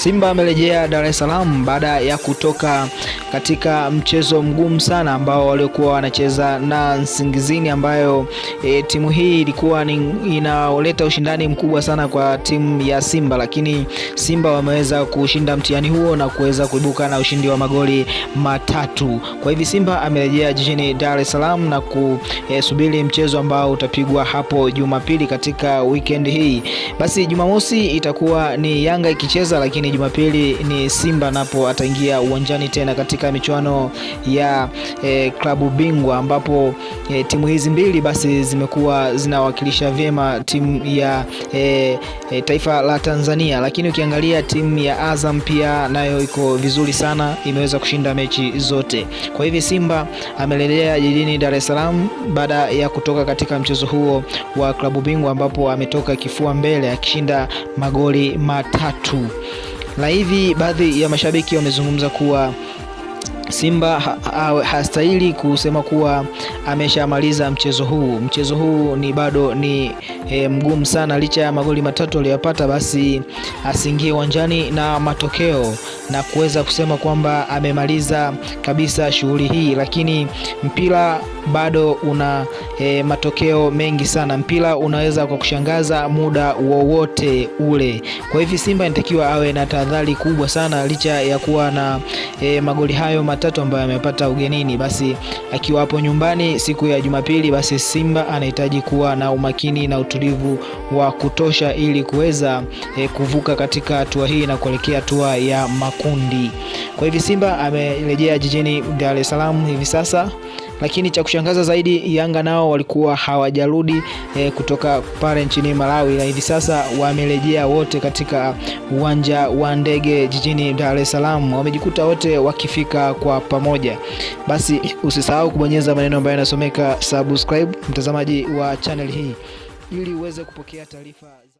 Simba amerejea Dar es Salaam baada ya kutoka katika mchezo mgumu sana ambao waliokuwa wanacheza na Nsingizini, ambayo e, timu hii ilikuwa inaoleta ushindani mkubwa sana kwa timu ya Simba, lakini Simba wameweza kushinda mtihani huo na kuweza kuibuka na ushindi wa magoli matatu. Kwa hivi Simba amerejea jijini Dar es Salaam na kusubiri e, mchezo ambao utapigwa hapo Jumapili katika weekend hii. Basi Jumamosi itakuwa ni Yanga ikicheza lakini ni Jumapili ni Simba napo ataingia uwanjani tena katika michuano ya e, klabu bingwa ambapo e, timu hizi mbili basi zimekuwa zinawakilisha vyema timu ya e, e, taifa la Tanzania, lakini ukiangalia timu ya Azam pia nayo iko vizuri sana, imeweza kushinda mechi zote. Kwa hivyo Simba amelelea jijini Dar es Salaam baada ya kutoka katika mchezo huo wa klabu bingwa ambapo ametoka kifua mbele akishinda magoli matatu na hivi, baadhi ya mashabiki wamezungumza kuwa Simba hastahili ha, hastahili kusema kuwa ameshamaliza mchezo huu. Mchezo huu ni bado ni e, mgumu sana, licha ya magoli matatu aliyopata, basi asiingie uwanjani na matokeo na kuweza kusema kwamba amemaliza kabisa shughuli hii, lakini mpira bado una e, matokeo mengi sana. Mpira unaweza kwa kushangaza muda wowote ule. Kwa hivi Simba inatakiwa awe na tahadhari kubwa sana, licha ya kuwa na e, magoli hayo matatu ambayo amepata ugenini, basi akiwa hapo nyumbani siku ya Jumapili, basi Simba anahitaji kuwa na umakini na utulivu wa kutosha ili kuweza e, kuvuka katika hatua hii na kuelekea hatua ya makundi. Kwa hivi Simba amerejea jijini Dar es Salaam hivi sasa. Lakini cha kushangaza zaidi, Yanga nao walikuwa hawajarudi e, kutoka pale nchini Malawi na hivi sasa wamerejea wote katika uwanja wa ndege jijini Dar es Salaam, wamejikuta wote wakifika kwa pamoja. Basi usisahau kubonyeza maneno ambayo yanasomeka subscribe, mtazamaji wa channel hii, ili uweze kupokea taarifa.